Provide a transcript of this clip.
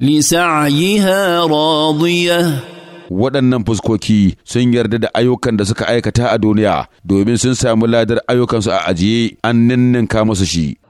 لسعيها راضية waɗannan fuskoki sun yarda da ayyukan da suka aikata a duniya domin sun samu ladar ayyukansu a ajiye an ninninka musu shi